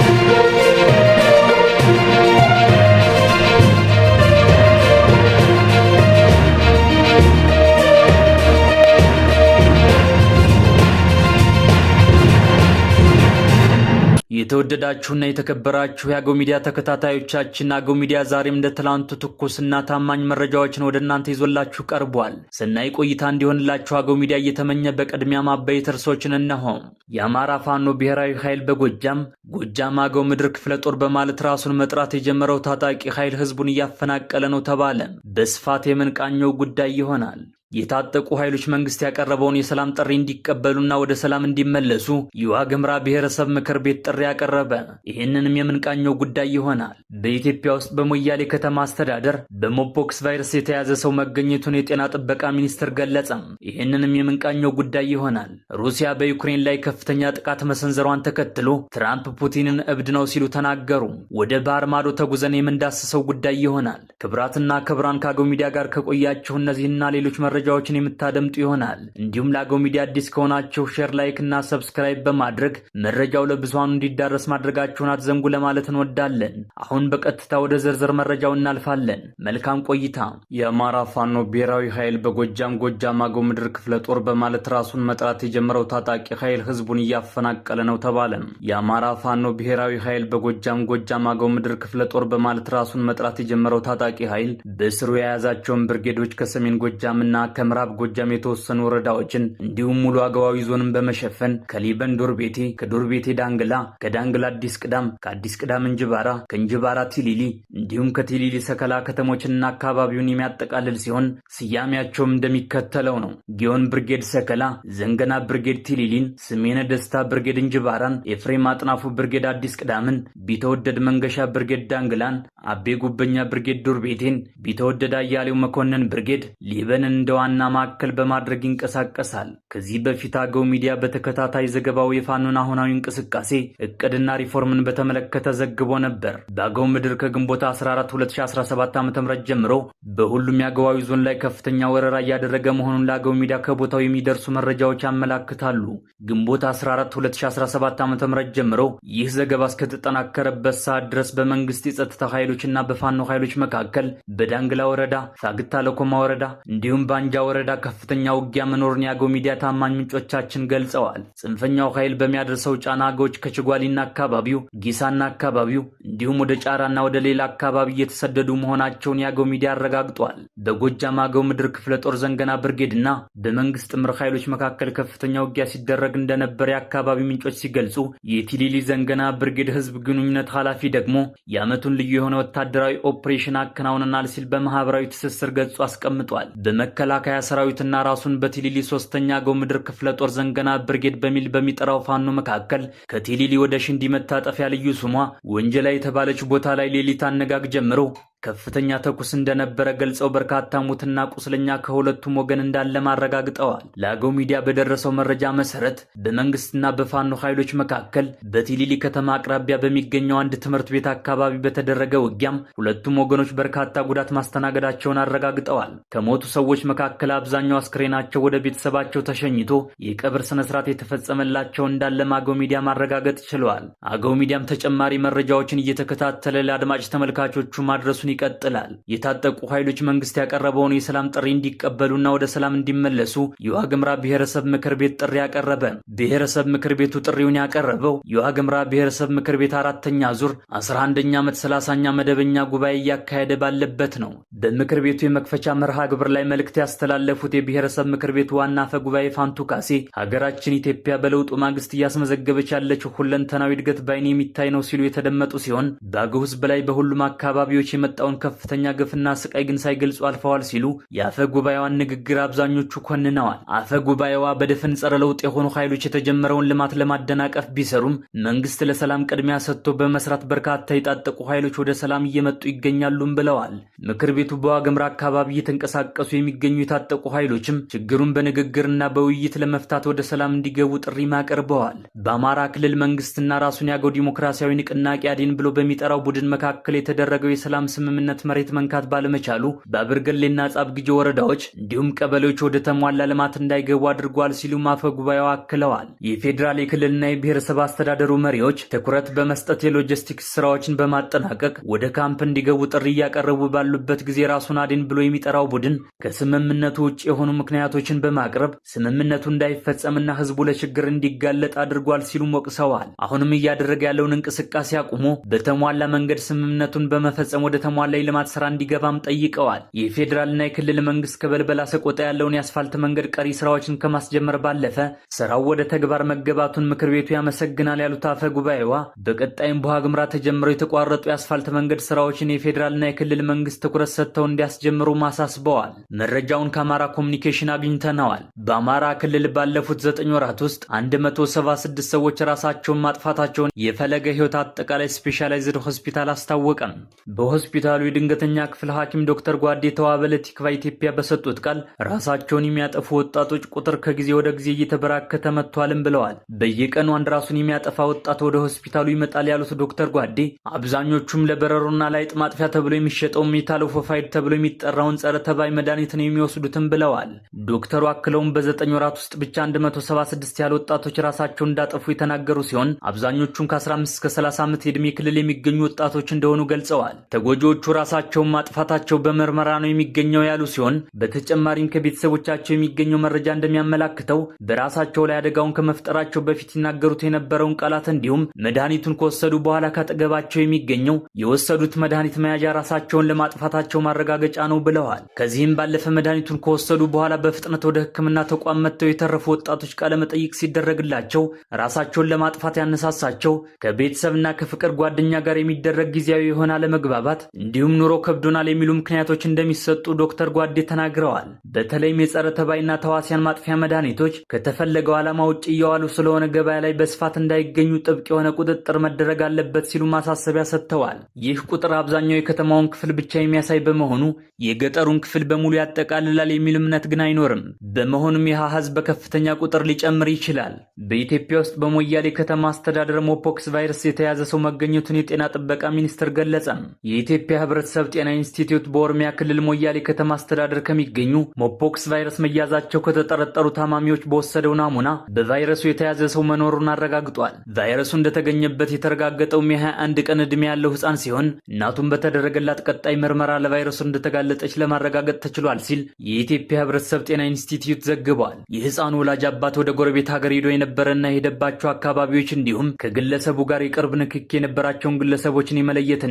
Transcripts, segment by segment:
Música የተወደዳችሁና የተከበራችሁ የአገው ሚዲያ ተከታታዮቻችን አገው ሚዲያ ዛሬም እንደ ትላንቱ ትኩስና ታማኝ መረጃዎችን ወደ እናንተ ይዞላችሁ ቀርቧል። ሰናይ ቆይታ እንዲሆንላችሁ አገው ሚዲያ እየተመኘ በቅድሚያ ማበይት እርሶችን እነሆ። የአማራ ፋኖ ብሔራዊ ኃይል በጎጃም ጎጃም አገው ምድር ክፍለ ጦር በማለት ራሱን መጥራት የጀመረው ታጣቂ ኃይል ህዝቡን እያፈናቀለ ነው ተባለ። በስፋት የምንቃኘው ጉዳይ ይሆናል። የታጠቁ ኃይሎች መንግስት ያቀረበውን የሰላም ጥሪ እንዲቀበሉና ወደ ሰላም እንዲመለሱ የዋግምራ ብሔረሰብ ምክር ቤት ጥሪ ያቀረበ። ይህንንም የምንቃኘው ጉዳይ ይሆናል። በኢትዮጵያ ውስጥ በሞያሌ ከተማ አስተዳደር በሞፖክስ ቫይረስ የተያዘ ሰው መገኘቱን የጤና ጥበቃ ሚኒስትር ገለጸም። ይህንንም የምንቃኘው ጉዳይ ይሆናል። ሩሲያ በዩክሬን ላይ ከፍተኛ ጥቃት መሰንዘሯን ተከትሎ ትራምፕ ፑቲንን እብድ ነው ሲሉ ተናገሩ። ወደ ባህር ማዶ ተጉዘን የምንዳስሰው ጉዳይ ይሆናል። ክብራትና ክብራን ካገው ሚዲያ ጋር ከቆያችሁ እነዚህና ሌሎች መረ መረጃዎችን የምታደምጡ ይሆናል። እንዲሁም ለአገው ሚዲያ አዲስ ከሆናችሁ ሼር፣ ላይክ እና ሰብስክራይብ በማድረግ መረጃው ለብዙሃኑ እንዲዳረስ ማድረጋችሁን አትዘንጉ ለማለት እንወዳለን። አሁን በቀጥታ ወደ ዝርዝር መረጃው እናልፋለን። መልካም ቆይታ። የአማራ ፋኖ ብሔራዊ ኃይል በጎጃም ጎጃም አገው ምድር ክፍለ ጦር በማለት ራሱን መጥራት የጀመረው ታጣቂ ኃይል ህዝቡን እያፈናቀለ ነው ተባለ። የአማራ ፋኖ ብሔራዊ ኃይል በጎጃም ጎጃም አገው ምድር ክፍለ ጦር በማለት ራሱን መጥራት የጀመረው ታጣቂ ኃይል በስሩ የያዛቸውን ብርጌዶች ከሰሜን ጎጃምና ከምዕራብ ጎጃም የተወሰኑ ወረዳዎችን እንዲሁም ሙሉ አገባዊ ዞንን በመሸፈን ከሊበን ዶር ቤቴ፣ ከዶር ቤቴ ዳንግላ፣ ከዳንግላ አዲስ ቅዳም፣ ከአዲስ ቅዳም እንጅባራ፣ ከእንጅባራ ቲሊሊ እንዲሁም ከቲሊሊ ሰከላ ከተሞችና አካባቢውን የሚያጠቃልል ሲሆን ስያሜያቸውም እንደሚከተለው ነው። ጊዮን ብርጌድ ሰከላ፣ ዘንገና ብርጌድ ቲሊሊን፣ ስሜነ ደስታ ብርጌድ እንጅባራን፣ ኤፍሬም አጥናፉ ብርጌድ አዲስ ቅዳምን፣ ቢተወደድ መንገሻ ብርጌድ ዳንግላን፣ አቤ ጉበኛ ብርጌድ ዱር ቤቴን፣ ቢተወደድ አያሌው መኮንን ብርጌድ ሊበንን እንደ ዋና ማዕከል በማድረግ ይንቀሳቀሳል። ከዚህ በፊት አገው ሚዲያ በተከታታይ ዘገባው የፋኖን አሁናዊ እንቅስቃሴ እቅድና ሪፎርምን በተመለከተ ዘግቦ ነበር። በአገው ምድር ከግንቦት 14 2017 ዓ ም ጀምሮ በሁሉም የአገዋዊ ዞን ላይ ከፍተኛ ወረራ እያደረገ መሆኑን ለአገው ሚዲያ ከቦታው የሚደርሱ መረጃዎች ያመላክታሉ። ግንቦት 14 2017 ዓ ም ጀምሮ ይህ ዘገባ እስከተጠናከረበት ሰዓት ድረስ በመንግስት የጸጥታ ኃይሎችና በፋኖ ኃይሎች መካከል በዳንግላ ወረዳ፣ ሳግታ ለኮማ ወረዳ እንዲሁም በአን በዋንጃ ወረዳ ከፍተኛ ውጊያ መኖሩን የአገው ሚዲያ ታማኝ ምንጮቻችን ገልጸዋል። ጽንፈኛው ኃይል በሚያደርሰው ጫና አገዎች ከችጓሊና አካባቢው፣ ጊሳና አካባቢው እንዲሁም ወደ ጫራና ወደ ሌላ አካባቢ እየተሰደዱ መሆናቸውን የአገው ሚዲያ አረጋግጧል። በጎጃም አገው ምድር ክፍለ ጦር ዘንገና ብርጌድና በመንግስት ጥምር ኃይሎች መካከል ከፍተኛ ውጊያ ሲደረግ እንደነበር የአካባቢ ምንጮች ሲገልጹ የቲሊሊ ዘንገና ብርጌድ ህዝብ ግንኙነት ኃላፊ ደግሞ የዓመቱን ልዩ የሆነ ወታደራዊ ኦፕሬሽን አከናውነናል ሲል በማህበራዊ ትስስር ገጹ አስቀምጧል። በመከላ መከላከያ ሰራዊትና ራሱን በቲሊሊ ሶስተኛ አገው ምድር ክፍለ ጦር ዘንገና ብርጌድ በሚል በሚጠራው ፋኖ መካከል ከቲሊሊ ወደ ሽንዲ መታጠፊያ ልዩ ስሟ ወንጀላ የተባለች ቦታ ላይ ሌሊት አነጋግ ጀምሮ ከፍተኛ ተኩስ እንደነበረ ገልጸው በርካታ ሙትና ቁስለኛ ከሁለቱም ወገን እንዳለም ማረጋግጠዋል። ለአገው ሚዲያ በደረሰው መረጃ መሰረት በመንግስትና በፋኖ ኃይሎች መካከል በቲሊሊ ከተማ አቅራቢያ በሚገኘው አንድ ትምህርት ቤት አካባቢ በተደረገ ውጊያም ሁለቱም ወገኖች በርካታ ጉዳት ማስተናገዳቸውን አረጋግጠዋል። ከሞቱ ሰዎች መካከል አብዛኛው አስክሬናቸው ወደ ቤተሰባቸው ተሸኝቶ የቀብር ስነስርዓት የተፈጸመላቸው እንዳለም አገው ሚዲያ ማረጋገጥ ችለዋል። አገው ሚዲያም ተጨማሪ መረጃዎችን እየተከታተለ ለአድማጭ ተመልካቾቹ ማድረሱን ውይይቱን ይቀጥላል። የታጠቁ ኃይሎች መንግስት ያቀረበውን የሰላም ጥሪ እንዲቀበሉና ወደ ሰላም እንዲመለሱ የዋግምራ ብሔረሰብ ምክር ቤት ጥሪ ያቀረበ። ብሔረሰብ ምክር ቤቱ ጥሪውን ያቀረበው የዋግምራ ብሔረሰብ ምክር ቤት አራተኛ ዙር 11ኛ ዓመት 30ኛ መደበኛ ጉባኤ እያካሄደ ባለበት ነው። በምክር ቤቱ የመክፈቻ መርሃ ግብር ላይ መልእክት ያስተላለፉት የብሔረሰብ ምክር ቤቱ ዋና አፈ ጉባኤ ፋንቱ ካሴ ሀገራችን ኢትዮጵያ በለውጡ ማግስት እያስመዘገበች ያለችው ሁለንተናዊ እድገት ባይን የሚታይ ነው ሲሉ የተደመጡ ሲሆን በአገው ሕዝብ ላይ በሁሉም አካባቢዎች የመጣ የመጣውን ከፍተኛ ግፍና ስቃይ ግን ሳይገልጹ አልፈዋል ሲሉ የአፈ ጉባኤዋን ንግግር አብዛኞቹ ኮንነዋል። አፈ ጉባኤዋ በደፈን ጸረ ለውጥ የሆኑ ኃይሎች የተጀመረውን ልማት ለማደናቀፍ ቢሰሩም መንግስት ለሰላም ቅድሚያ ሰጥቶ በመስራት በርካታ የታጠቁ ኃይሎች ወደ ሰላም እየመጡ ይገኛሉም ብለዋል። ምክር ቤቱ በዋግምራ አካባቢ እየተንቀሳቀሱ የሚገኙ የታጠቁ ኃይሎችም ችግሩን በንግግርና በውይይት ለመፍታት ወደ ሰላም እንዲገቡ ጥሪም አቅርበዋል። በአማራ ክልል መንግስትና ራሱን ያገው ዲሞክራሲያዊ ንቅናቄ አዴን ብሎ በሚጠራው ቡድን መካከል የተደረገው የሰላም ስም ስምምነት መሬት መንካት ባለመቻሉ ጻብ ግጆ ወረዳዎች እንዲሁም ቀበሌዎች ወደ ተሟላ ልማት እንዳይገቡ አድርጓል ሲሉም አፈ ጉባኤው አክለዋል። የፌዴራል የክልልና የብሔረሰብ አስተዳደሩ መሪዎች ትኩረት በመስጠት የሎጂስቲክስ ስራዎችን በማጠናቀቅ ወደ ካምፕ እንዲገቡ ጥሪ እያቀረቡ ባሉበት ጊዜ ራሱን አድን ብሎ የሚጠራው ቡድን ከስምምነቱ ውጭ የሆኑ ምክንያቶችን በማቅረብ ስምምነቱ እንዳይፈጸምና ህዝቡ ለችግር እንዲጋለጥ አድርጓል ሲሉም ወቅሰዋል። አሁንም እያደረገ ያለውን እንቅስቃሴ አቁሞ በተሟላ መንገድ ስምምነቱን በመፈጸም ወደ ተሟ የተሟላ የልማት ስራ እንዲገባም ጠይቀዋል። የፌዴራልና የክልል መንግስት ከበልበላ ሰቆጣ ያለውን የአስፋልት መንገድ ቀሪ ስራዎችን ከማስጀመር ባለፈ ስራው ወደ ተግባር መገባቱን ምክር ቤቱ ያመሰግናል ያሉት አፈ ጉባኤዋ በቀጣይም በውሃ ግምራ ተጀምረው የተቋረጡ የአስፋልት መንገድ ስራዎችን የፌዴራልና የክልል መንግስት ትኩረት ሰጥተው እንዲያስጀምሩ ማሳስበዋል። መረጃውን ከአማራ ኮሚኒኬሽን አግኝተነዋል። በአማራ ክልል ባለፉት ዘጠኝ ወራት ውስጥ 176 ሰዎች ራሳቸውን ማጥፋታቸውን የፈለገ ህይወት አጠቃላይ ስፔሻላይዝድ ሆስፒታል አስታወቀም። በሆስፒታል የሆስፒታሉ የድንገተኛ ክፍል ሐኪም ዶክተር ጓዴ ተዋበለ ቲክቫ ኢትዮጵያ በሰጡት ቃል ራሳቸውን የሚያጠፉ ወጣቶች ቁጥር ከጊዜ ወደ ጊዜ እየተበራከተ መጥቷልም ብለዋል። በየቀኑ አንድ ራሱን የሚያጠፋ ወጣት ወደ ሆስፒታሉ ይመጣል ያሉት ዶክተር ጓዴ አብዛኞቹም ለበረሮና ለአይጥ ማጥፊያ ተብሎ የሚሸጠው ሜታሎፎፋይድ ተብሎ የሚጠራውን ጸረ ተባይ መድኃኒት ነው የሚወስዱትም ብለዋል። ዶክተሩ አክለውም በዘጠኝ ወራት ውስጥ ብቻ 176 ያህል ወጣቶች ራሳቸውን እንዳጠፉ የተናገሩ ሲሆን አብዛኞቹም ከ15 እስከ 30 ዓመት የዕድሜ ክልል የሚገኙ ወጣቶች እንደሆኑ ገልጸዋል። ተጎጂዎቹ ልጆቹ ራሳቸውን ማጥፋታቸው በምርመራ ነው የሚገኘው ያሉ ሲሆን በተጨማሪም ከቤተሰቦቻቸው የሚገኘው መረጃ እንደሚያመላክተው በራሳቸው ላይ አደጋውን ከመፍጠራቸው በፊት ይናገሩት የነበረውን ቃላት እንዲሁም መድኃኒቱን ከወሰዱ በኋላ ካጠገባቸው የሚገኘው የወሰዱት መድኃኒት መያዣ ራሳቸውን ለማጥፋታቸው ማረጋገጫ ነው ብለዋል። ከዚህም ባለፈ መድኃኒቱን ከወሰዱ በኋላ በፍጥነት ወደ ሕክምና ተቋም መጥተው የተረፉ ወጣቶች ቃለመጠይቅ ሲደረግላቸው ራሳቸውን ለማጥፋት ያነሳሳቸው ከቤተሰብና ከፍቅር ጓደኛ ጋር የሚደረግ ጊዜያዊ የሆነ አለመግባባት እንዲሁም ኑሮ ከብዶናል የሚሉ ምክንያቶች እንደሚሰጡ ዶክተር ጓዴ ተናግረዋል። በተለይም የጸረ ተባይና ተዋሲያን ማጥፊያ መድኃኒቶች ከተፈለገው ዓላማ ውጭ እየዋሉ ስለሆነ ገበያ ላይ በስፋት እንዳይገኙ ጥብቅ የሆነ ቁጥጥር መደረግ አለበት ሲሉ ማሳሰቢያ ሰጥተዋል። ይህ ቁጥር አብዛኛው የከተማውን ክፍል ብቻ የሚያሳይ በመሆኑ የገጠሩን ክፍል በሙሉ ያጠቃልላል የሚል እምነት ግን አይኖርም። በመሆኑም ይህ አሃዝ በከፍተኛ ቁጥር ሊጨምር ይችላል። በኢትዮጵያ ውስጥ በሞያሌ ከተማ አስተዳደር ሞፖክስ ቫይረስ የተያዘ ሰው መገኘቱን የጤና ጥበቃ ሚኒስቴር ገለጸም። የኢትዮጵያ ህብረተሰብ ጤና ኢንስቲትዩት በኦሮሚያ ክልል ሞያሌ ከተማ አስተዳደር ከሚገኙ ሞፖክስ ቫይረስ መያዛቸው ከተጠረጠሩ ታማሚዎች በወሰደው ናሙና በቫይረሱ የተያዘ ሰው መኖሩን አረጋግጧል። ቫይረሱ እንደተገኘበት የተረጋገጠው ሚ 21 ቀን ዕድሜ ያለው ህፃን ሲሆን እናቱም በተደረገላት ቀጣይ ምርመራ ለቫይረሱ እንደተጋለጠች ለማረጋገጥ ተችሏል ሲል የኢትዮጵያ ህብረተሰብ ጤና ኢንስቲትዩት ዘግቧል። የህፃኑ ወላጅ አባት ወደ ጎረቤት ሀገር ሄዶ የነበረና የሄደባቸው አካባቢዎች እንዲሁም ከግለሰቡ ጋር የቅርብ ንክክ የነበራቸውን ግለሰቦችን የመለየትና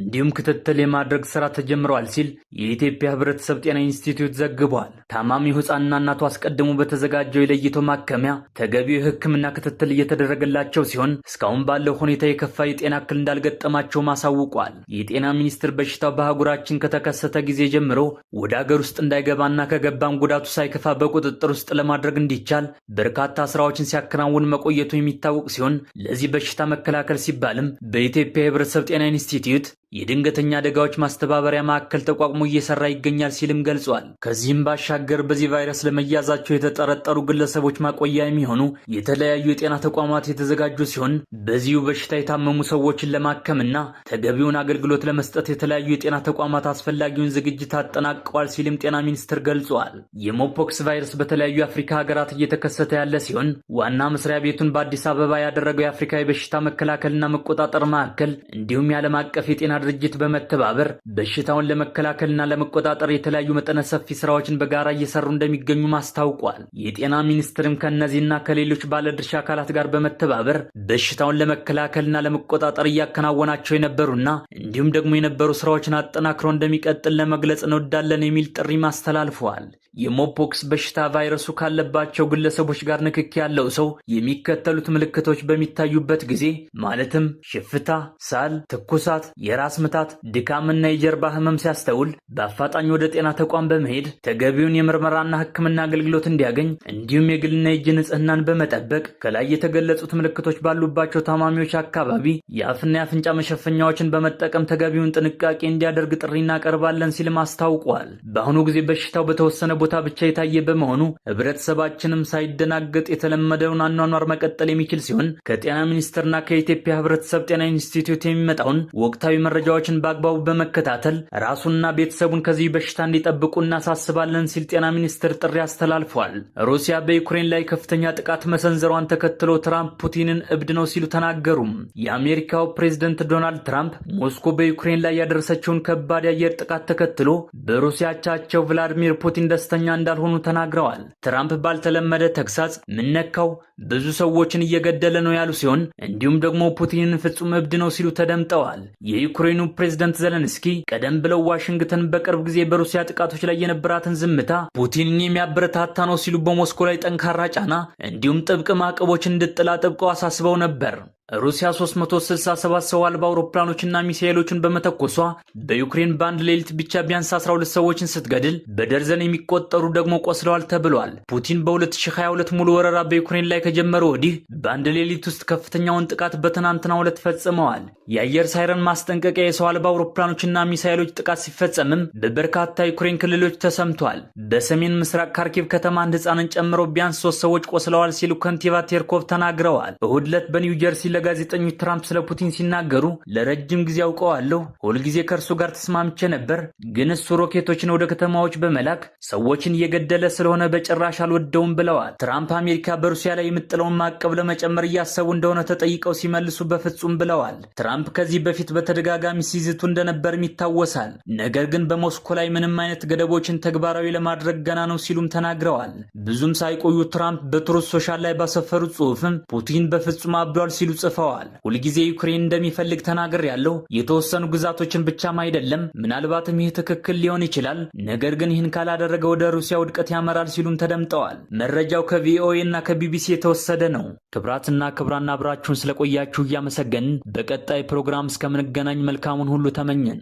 እንዲሁም ክትት ክትትል የማድረግ ስራ ተጀምረዋል ሲል የኢትዮጵያ ህብረተሰብ ጤና ኢንስቲትዩት ዘግቧል። ታማሚው ህፃንና እናቱ አስቀድሞ በተዘጋጀው የለይቶ ማከሚያ ተገቢው የህክምና ክትትል እየተደረገላቸው ሲሆን እስካሁን ባለው ሁኔታ የከፋ የጤና እክል እንዳልገጠማቸውም አሳውቋል። የጤና ሚኒስቴር በሽታው በአህጉራችን ከተከሰተ ጊዜ ጀምሮ ወደ አገር ውስጥ እንዳይገባና ከገባም ጉዳቱ ሳይከፋ በቁጥጥር ውስጥ ለማድረግ እንዲቻል በርካታ ስራዎችን ሲያከናውን መቆየቱ የሚታወቅ ሲሆን ለዚህ በሽታ መከላከል ሲባልም በኢትዮጵያ የህብረተሰብ ጤና ኢንስቲትዩት የድንገተኛ አደጋዎች ማስተባበሪያ ማዕከል ተቋቁሞ እየሰራ ይገኛል ሲልም ገልጿል። ከዚህም ባሻገር በዚህ ቫይረስ ለመያዛቸው የተጠረጠሩ ግለሰቦች ማቆያ የሚሆኑ የተለያዩ የጤና ተቋማት የተዘጋጁ ሲሆን በዚሁ በሽታ የታመሙ ሰዎችን ለማከምና ተገቢውን አገልግሎት ለመስጠት የተለያዩ የጤና ተቋማት አስፈላጊውን ዝግጅት አጠናቀዋል ሲልም ጤና ሚኒስትር ገልጿል። የሞፖክስ ቫይረስ በተለያዩ የአፍሪካ ሀገራት እየተከሰተ ያለ ሲሆን ዋና መስሪያ ቤቱን በአዲስ አበባ ያደረገው የአፍሪካ የበሽታ መከላከልና መቆጣጠር ማዕከል እንዲሁም የዓለም አቀፍ የጤና ድርጅት በመተባበር በሽታውን ለመከላከልና ለመቆጣጠር የተለያዩ መጠነ ሰፊ ስራዎችን በጋራ እየሰሩ እንደሚገኙ ማስታውቋል። የጤና ሚኒስትርም ከእነዚህና ከሌሎች ባለድርሻ አካላት ጋር በመተባበር በሽታውን ለመከላከልና ለመቆጣጠር እያከናወናቸው የነበሩና እንዲሁም ደግሞ የነበሩ ስራዎችን አጠናክሮ እንደሚቀጥል ለመግለጽ እንወዳለን የሚል ጥሪ አስተላልፈዋል። የሞፖክስ በሽታ ቫይረሱ ካለባቸው ግለሰቦች ጋር ንክኪ ያለው ሰው የሚከተሉት ምልክቶች በሚታዩበት ጊዜ ማለትም ሽፍታ፣ ሳል፣ ትኩሳት፣ የራስ አስምታት ምታት፣ ድካምና የጀርባ ህመም ሲያስተውል በአፋጣኝ ወደ ጤና ተቋም በመሄድ ተገቢውን የምርመራና ሕክምና አገልግሎት እንዲያገኝ እንዲሁም የግልና የእጅ ንጽህናን በመጠበቅ ከላይ የተገለጹት ምልክቶች ባሉባቸው ታማሚዎች አካባቢ የአፍና የአፍንጫ መሸፈኛዎችን በመጠቀም ተገቢውን ጥንቃቄ እንዲያደርግ ጥሪ እናቀርባለን ሲልም አስታውቋል። በአሁኑ ጊዜ በሽታው በተወሰነ ቦታ ብቻ የታየ በመሆኑ ህብረተሰባችንም ሳይደናገጥ የተለመደውን አኗኗር መቀጠል የሚችል ሲሆን ከጤና ሚኒስቴርና ከኢትዮጵያ ህብረተሰብ ጤና ኢንስቲትዩት የሚመጣውን ወቅታዊ መረጃ መረጃዎችን በአግባቡ በመከታተል ራሱና ቤተሰቡን ከዚህ በሽታ እንዲጠብቁ እናሳስባለን ሲል ጤና ሚኒስትር ጥሪ አስተላልፏል። ሩሲያ በዩክሬን ላይ ከፍተኛ ጥቃት መሰንዘሯን ተከትሎ ትራምፕ ፑቲንን እብድ ነው ሲሉ ተናገሩም። የአሜሪካው ፕሬዝደንት ዶናልድ ትራምፕ ሞስኮ በዩክሬን ላይ ያደረሰችውን ከባድ የአየር ጥቃት ተከትሎ በሩሲያ አቻቸው ቭላዲሚር ፑቲን ደስተኛ እንዳልሆኑ ተናግረዋል። ትራምፕ ባልተለመደ ተግሳጽ ምነካው ብዙ ሰዎችን እየገደለ ነው ያሉ ሲሆን እንዲሁም ደግሞ ፑቲንን ፍጹም እብድ ነው ሲሉ ተደምጠዋል። የዩክሬን የዩክሬኑ ፕሬዝደንት ዘለንስኪ ቀደም ብለው ዋሽንግተን በቅርብ ጊዜ በሩሲያ ጥቃቶች ላይ የነበራትን ዝምታ ፑቲንን የሚያበረታታ ነው ሲሉ በሞስኮ ላይ ጠንካራ ጫና እንዲሁም ጥብቅ ማዕቀቦች እንድጥላ አጥብቀው አሳስበው ነበር። ሩሲያ 367 ሰው አልባ አውሮፕላኖችና ሚሳኤሎችን በመተኮሷ በዩክሬን በአንድ ሌሊት ብቻ ቢያንስ 12 ሰዎችን ስትገድል በደርዘን የሚቆጠሩ ደግሞ ቆስለዋል ተብሏል። ፑቲን በ2022 ሙሉ ወረራ በዩክሬን ላይ ከጀመረ ወዲህ በአንድ ሌሊት ውስጥ ከፍተኛውን ጥቃት በትናንትናው ዕለት ፈጽመዋል። የአየር ሳይረን ማስጠንቀቂያ የሰው አልባ አውሮፕላኖችና ሚሳኤሎች ጥቃት ሲፈጸምም በበርካታ ዩክሬን ክልሎች ተሰምቷል። በሰሜን ምስራቅ ካርኪቭ ከተማ አንድ ህፃንን ጨምሮ ቢያንስ ሶስት ሰዎች ቆስለዋል ሲሉ ከንቲባ ቴርኮቭ ተናግረዋል። እሁድ ዕለት በኒው ጀርሲ ለጋዜጠኞች ትራምፕ ስለ ፑቲን ሲናገሩ ለረጅም ጊዜ አውቀዋለሁ፣ ሁልጊዜ ከእርሱ ጋር ተስማምቼ ነበር፣ ግን እሱ ሮኬቶችን ወደ ከተማዎች በመላክ ሰዎችን እየገደለ ስለሆነ በጭራሽ አልወደውም ብለዋል። ትራምፕ አሜሪካ በሩሲያ ላይ የምጥለውን ማዕቀብ ለመጨመር እያሰቡ እንደሆነ ተጠይቀው ሲመልሱ በፍጹም ብለዋል። ትራምፕ ከዚህ በፊት በተደጋጋሚ ሲዝቱ እንደነበርም ይታወሳል። ነገር ግን በሞስኮ ላይ ምንም አይነት ገደቦችን ተግባራዊ ለማድረግ ገና ነው ሲሉም ተናግረዋል። ብዙም ሳይቆዩ ትራምፕ በትሩዝ ሶሻል ላይ ባሰፈሩት ጽሑፍም ፑቲን በፍጹም አብዷል ሲሉ ጽፈዋል። ሁልጊዜ ዩክሬን እንደሚፈልግ ተናገር ያለው የተወሰኑ ግዛቶችን ብቻም አይደለም። ምናልባትም ይህ ትክክል ሊሆን ይችላል፣ ነገር ግን ይህን ካላደረገ ወደ ሩሲያ ውድቀት ያመራል ሲሉም ተደምጠዋል። መረጃው ከቪኦኤ እና ከቢቢሲ የተወሰደ ነው። ክብራትና ክብራና አብራችሁን ስለቆያችሁ እያመሰገንን በቀጣይ ፕሮግራም እስከምንገናኝ መልካሙን ሁሉ ተመኘን።